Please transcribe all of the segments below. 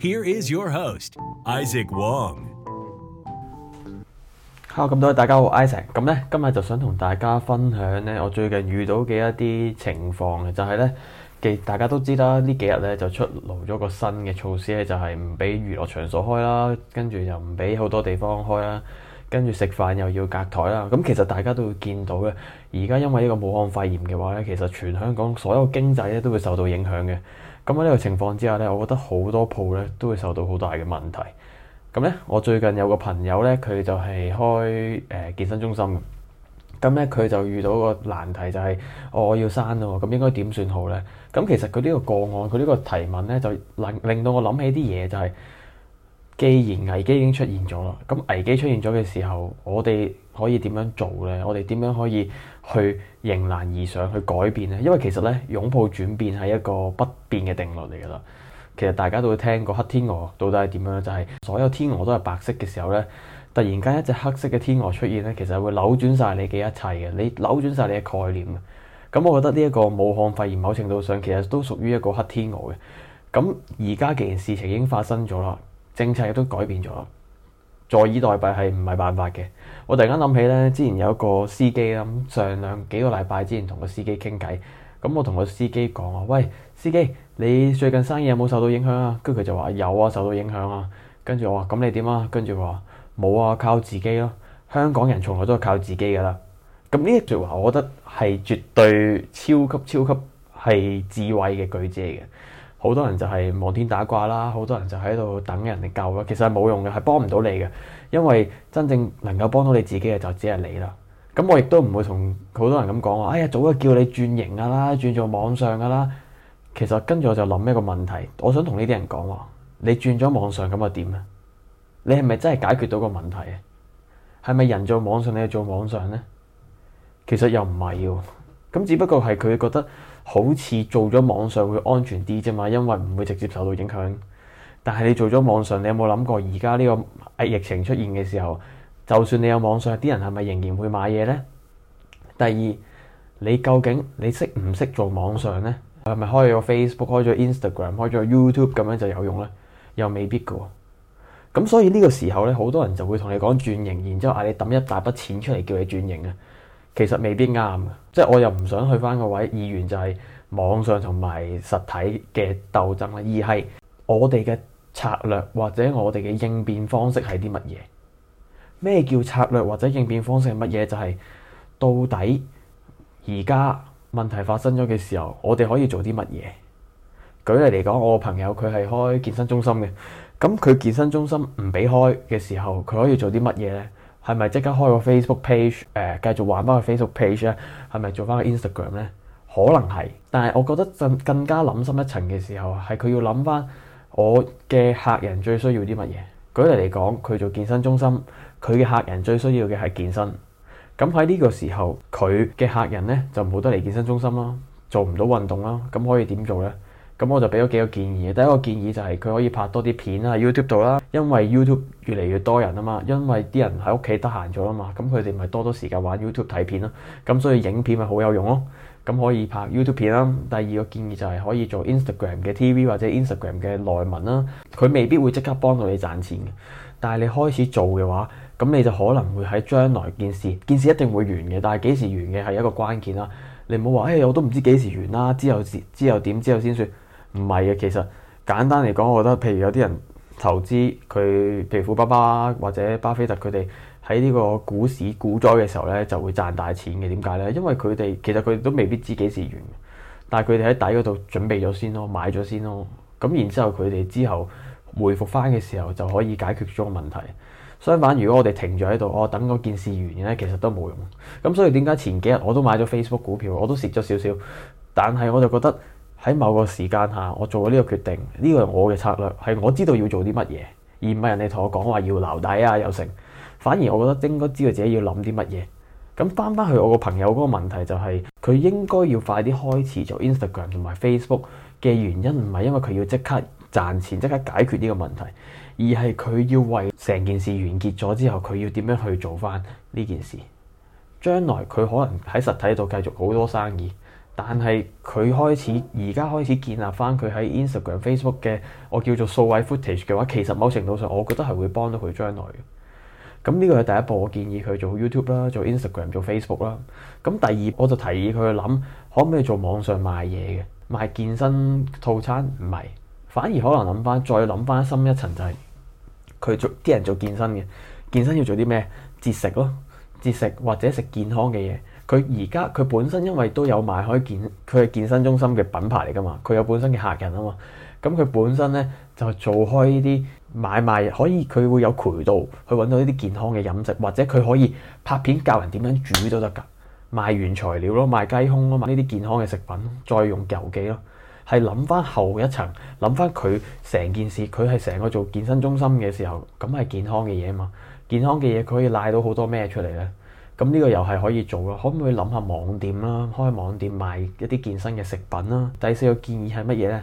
Here is your host, Isaac Wong。Hello，咁多位大家好，Isaac。咁呢，今日就想同大家分享呢，我最近遇到嘅一啲情況，嘅，就係呢，嘅大家都知啦，呢幾日呢，就出爐咗個新嘅措施咧，就係唔俾娛樂場所開啦，跟住又唔俾好多地方開啦，跟住食飯又要隔台啦。咁其實大家都會見到嘅，而家因為呢個武漢肺炎嘅話，呢其實全香港所有經濟咧都會受到影響嘅。咁喺呢個情況之下呢，我覺得好多鋪呢都會受到好大嘅問題。咁呢，我最近有個朋友呢，佢就係開誒、呃、健身中心嘅。咁呢，佢就遇到個難題，就係，就、哦、係我要閂咯。咁應該點算好呢？」咁其實佢呢個個案，佢呢個提問呢，就令令到我諗起啲嘢，就係，就係既然危機已經出現咗啦，咁危機出現咗嘅時候，我哋。可以點樣做呢？我哋點樣可以去迎難而上，去改變呢？因為其實呢，擁抱轉變係一個不變嘅定律嚟噶啦。其實大家都會聽過黑天鵝，到底係點樣？就係所有天鵝都係白色嘅時候呢，突然間一隻黑色嘅天鵝出現呢，其實會扭轉晒你嘅一切嘅，你扭轉晒你嘅概念嘅。咁我覺得呢一個武漢肺炎，某程度上其實都屬於一個黑天鵝嘅。咁而家既然事情已經發生咗啦，政策亦都改變咗。坐以待斃係唔係辦法嘅？我突然間諗起咧，之前有一個司機啦，咁上兩幾個禮拜之前同個司機傾偈，咁我同個司機講話，喂，司機，你最近生意有冇受到影響啊？跟住佢就話有啊，受到影響啊。跟住我話咁你點啊？跟住話冇啊，靠自己咯，啊。香港人從來都係靠自己噶啦。咁呢一句話，我覺得係絕對超級超級係智慧嘅句子嚟嘅。好多人就係望天打卦啦，好多人就喺度等人嚟救啦，其實係冇用嘅，係幫唔到你嘅，因為真正能夠幫到你自己嘅就只係你啦。咁我亦都唔會同好多人咁講話，哎呀，早就叫你轉型噶啦，轉做網上噶啦。其實跟住我就諗一個問題，我想同呢啲人講話，你轉咗網上咁又點咧？你係咪真係解決到個問題啊？係咪人做網上你又做網上呢？其實又唔係喎，咁只不過係佢覺得。好似做咗網上會安全啲啫嘛，因為唔會直接受到影響。但係你做咗網上，你有冇諗過而家呢個疫情出現嘅時候，就算你有網上，啲人係咪仍然會買嘢呢？第二，你究竟你識唔識做網上呢？係咪開咗 Facebook、開咗 Instagram、開咗 YouTube 咁樣就有用呢？又未必噶。咁所以呢個時候呢，好多人就會同你講轉型，然之後嗌你抌一大筆錢出嚟叫你轉型啊！其實未必啱，即係我又唔想去翻個位。議員就係網上同埋實體嘅鬥爭啦，而係我哋嘅策略或者我哋嘅應變方式係啲乜嘢？咩叫策略或者應變方式係乜嘢？就係到底而家問題發生咗嘅時候，我哋可以做啲乜嘢？舉例嚟講，我個朋友佢係開健身中心嘅，咁佢健身中心唔俾開嘅時候，佢可以做啲乜嘢呢？係咪即刻開個 Facebook page？誒、呃，繼續玩翻個 Facebook page 咧？係咪做翻個 Instagram 咧？可能係，但係我覺得更加諗深一層嘅時候啊，係佢要諗翻我嘅客人最需要啲乜嘢。舉例嚟講，佢做健身中心，佢嘅客人最需要嘅係健身。咁喺呢個時候，佢嘅客人咧就冇得嚟健身中心啦，做唔到運動啦，咁可以點做咧？咁我就俾咗幾個建議。第一個建議就係佢可以拍多啲片啦，YouTube 度啦，因為 YouTube 越嚟越多人啊嘛，因為啲人喺屋企得閒咗啊嘛，咁佢哋咪多多時間玩 YouTube 睇片咯。咁所以影片咪好有用咯。咁可以拍 YouTube 片啦。第二個建議就係可以做 Instagram 嘅 TV 或者 Instagram 嘅內文啦。佢未必會即刻幫到你賺錢嘅，但係你開始做嘅話，咁你就可能會喺將來件事，件事一定會完嘅。但係幾時完嘅係一個關鍵啦。你唔好話誒，我都唔知幾時完啦，之後之後點之後先算。唔係嘅，其實簡單嚟講，我覺得譬，譬如有啲人投資佢，譬如富爸爸或者巴菲特，佢哋喺呢個股市股災嘅時候呢，就會賺大錢嘅。點解呢？因為佢哋其實佢哋都未必知幾時完，但係佢哋喺底嗰度準備咗先咯，買咗先咯。咁然之後佢哋之後回覆翻嘅時候就可以解決咗個問題。相反，如果我哋停咗喺度，我、哦、等嗰件事完呢，其實都冇用。咁所以點解前幾日我都買咗 Facebook 股票，我都蝕咗少少，但係我就覺得。喺某個時間下，我做咗呢個決定，呢個係我嘅策略，係我知道要做啲乜嘢，而唔係人哋同我講話要留底啊有成。反而我覺得應該知道自己要諗啲乜嘢。咁返返去我個朋友嗰個問題就係、是，佢應該要快啲開始做 Instagram 同埋 Facebook 嘅原因，唔係因為佢要即刻賺錢、即刻解決呢個問題，而係佢要為成件事完結咗之後，佢要點樣去做返呢件事。將來佢可能喺實體度繼續好多生意。但係佢開始而家開始建立翻佢喺 Instagram、Facebook 嘅，我叫做數位 footage 嘅話，其實某程度上我覺得係會幫到佢將來嘅。咁呢個係第一步，我建議佢做 YouTube 啦，做 Instagram、做 Facebook 啦。咁第二我就提議佢去諗，可唔可以做網上賣嘢嘅賣健身套餐？唔係，反而可能諗翻再諗翻深一層就係、是、佢做啲人做健身嘅，健身要做啲咩？節食咯，節食或者食健康嘅嘢。佢而家佢本身因為都有賣開健佢係健身中心嘅品牌嚟㗎嘛，佢有本身嘅客人啊嘛，咁佢本身咧就做開呢啲買賣，可以佢會有渠道去揾到呢啲健康嘅飲食，或者佢可以拍片教人點樣煮都得㗎，賣原材料咯，賣雞胸啊嘛，呢啲健康嘅食品，再用郵寄咯，係諗翻後一層，諗翻佢成件事，佢係成個做健身中心嘅時候，咁係健康嘅嘢啊嘛，健康嘅嘢佢可以賴到好多咩出嚟咧？咁呢個又係可以做咯，可唔可以諗下網店啦，開網店賣一啲健身嘅食品啦。第四個建議係乜嘢呢？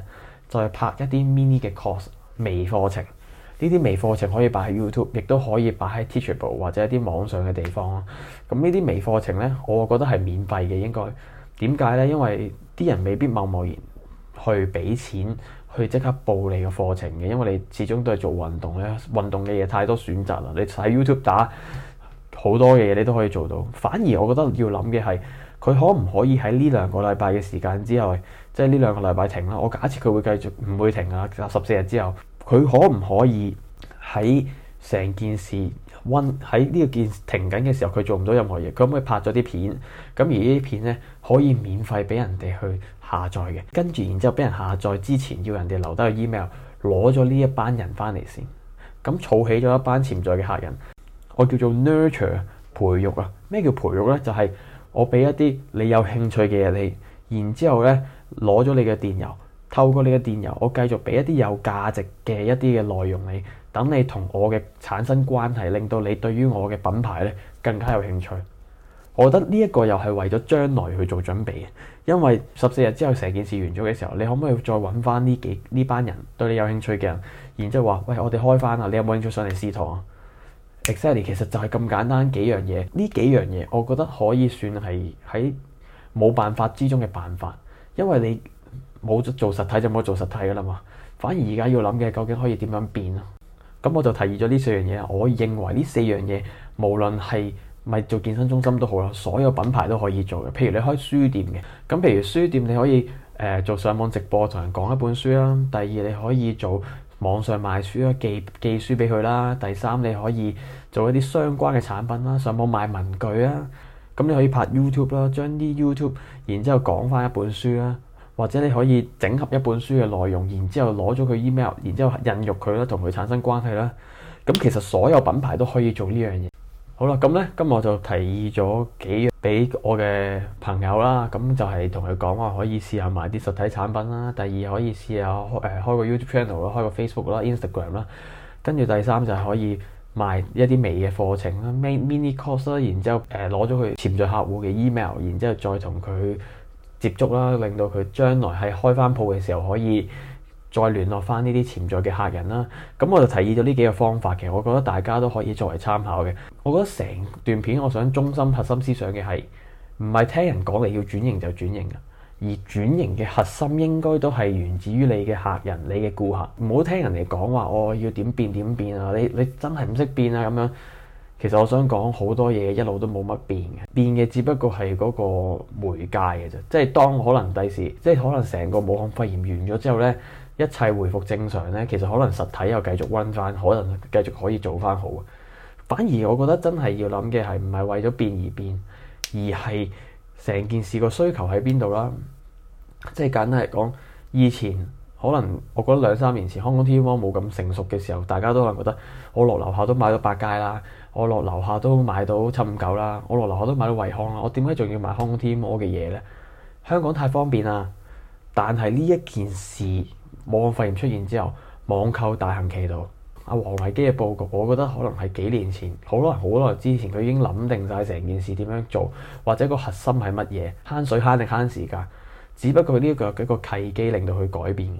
再、就係、拍一啲 mini 嘅 course 微課程，呢啲微課程可以擺喺 YouTube，亦都可以擺喺 Teachable 或者一啲網上嘅地方咯。咁呢啲微課程呢，我覺得係免費嘅應該。點解呢？因為啲人未必貿貿然去俾錢去即刻報你嘅課程嘅，因為你始終都係做運動呢。運動嘅嘢太多選擇啦。你喺 YouTube 打。好多嘢你都可以做到，反而我覺得要諗嘅係佢可唔可以喺呢兩個禮拜嘅時間之後，即係呢兩個禮拜停啦。我假設佢會繼續唔會停啊，十四日之後佢可唔可以喺成件事温喺呢個件事停緊嘅時候，佢做唔到任何嘢，佢可唔可以拍咗啲片？咁而呢啲片呢，可以免費俾人哋去下載嘅，跟住然之後俾人下載之前要人哋留低個 email，攞咗呢一班人翻嚟先，咁儲起咗一班潛在嘅客人。我叫做 nurture 培育啊，咩叫培育呢？就係我俾一啲你有興趣嘅嘢你，然之後呢攞咗你嘅電郵，透過你嘅電郵，我繼續俾一啲有價值嘅一啲嘅內容你，等你同我嘅產生關係，令到你對於我嘅品牌呢更加有興趣。我覺得呢一個又係為咗將來去做準備，因為十四日之後成件事完咗嘅時候，你可唔可以再揾翻呢幾呢班人對你有興趣嘅人，然之後話：喂，我哋開翻啊，你有冇興趣上嚟試堂啊？迪士其實就係咁簡單幾樣嘢，呢幾樣嘢我覺得可以算係喺冇辦法之中嘅辦法，因為你冇做做實體就冇做實體噶啦嘛。反而而家要諗嘅究竟可以點樣變咯？咁我就提議咗呢四樣嘢。我認為呢四樣嘢，無論係咪做健身中心都好啦，所有品牌都可以做嘅。譬如你開書店嘅，咁譬如書店你可以誒、呃、做上網直播同人講一本書啦。第二你可以做。網上賣書啊，寄寄書俾佢啦。第三，你可以做一啲相關嘅產品啦，上網賣文具啊。咁你可以拍 YouTube 啦，將啲 YouTube，然之後講翻一本書啦。或者你可以整合一本書嘅內容，然之後攞咗佢 email，然之後引入佢啦，同佢產生關係啦。咁其實所有品牌都可以做呢樣嘢。好啦，咁呢，咁我就提議咗幾樣俾我嘅朋友啦。咁就係同佢講話，可以試下賣啲實體產品啦。第二，可以試下誒開個 YouTube channel 啦，開個 Facebook 啦、Instagram 啦。跟住第三就係、是、可以賣一啲微嘅課程啦，mini course 啦。然之後誒攞咗佢潛在客戶嘅 email，然之後再同佢接觸啦，令到佢將來喺開翻鋪嘅時候可以。再聯絡翻呢啲潛在嘅客人啦。咁我就提議咗呢幾個方法，其實我覺得大家都可以作為參考嘅。我覺得成段片我想中心核心思想嘅係唔係聽人講你要轉型就轉型啊？而轉型嘅核心應該都係源自於你嘅客人、你嘅顧客。唔好聽人哋講話，我、哦、要點變點變啊！你你真係唔識變啊咁樣。其實我想講好多嘢一路都冇乜變嘅，變嘅只不過係嗰個媒介嘅啫。即係當可能第時，即係可能成個武漢肺炎完咗之後呢。一切回復正常呢，其實可能實體又繼續温翻，可能繼續可以做翻好。反而我覺得真係要諗嘅係唔係為咗變而變，而係成件事個需求喺邊度啦。即係簡單嚟講，以前可能我覺得兩三年前香港 T M O 冇咁成熟嘅時候，大家都可能覺得我落樓下都買到百佳啦，我落樓下都買到七五九啦，我落樓下都買到惠康啦。我點解仲要買香港 T M O 嘅嘢呢？香港太方便啦。但係呢一件事。網肺炎出現之後，網購大行其道。阿、啊、黃偉基嘅佈局，我覺得可能係幾年前，好耐好耐之前，佢已經諗定晒成件事點樣做，或者個核心係乜嘢，慳水慳定慳時間。只不過呢、這個一個契機令到佢改變。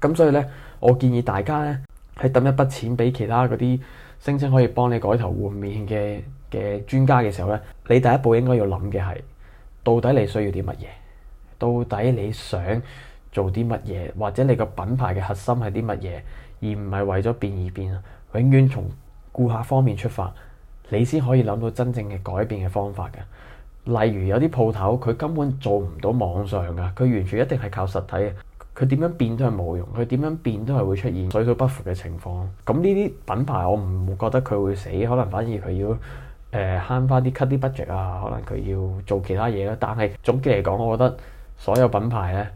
咁所以呢，我建議大家呢，喺抌一筆錢俾其他嗰啲聲稱可以幫你改頭換面嘅嘅專家嘅時候呢，你第一步應該要諗嘅係，到底你需要啲乜嘢？到底你想做啲乜嘢，或者你個品牌嘅核心係啲乜嘢，而唔係為咗變而變，啊！永遠從顧客方面出發，你先可以諗到真正嘅改變嘅方法嘅。例如有啲鋪頭，佢根本做唔到網上㗎，佢完全一定係靠實體嘅。佢點樣變都係冇用，佢點樣變都係會出現水土不服嘅情況。咁呢啲品牌我唔覺得佢會死，可能反而佢要誒慳翻啲 cut 啲 budget 啊，可能佢要做其他嘢啦、啊。但係總結嚟講，我覺得所有品牌咧，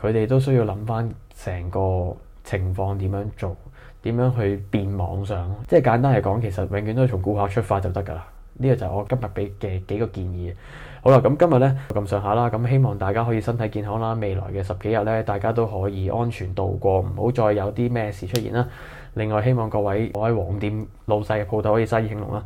佢哋都需要諗翻成個情況點樣做，點樣去變網上。即係簡單嚟講，其實永遠都係從顧客出發就得㗎啦。呢個就係我今日俾嘅幾個建議。好啦，咁今日呢咁上下啦，咁希望大家可以身體健康啦。未來嘅十幾日呢，大家都可以安全度過，唔好再有啲咩事出現啦。另外，希望各位我喺黃店老細嘅鋪頭可以生意興隆啦。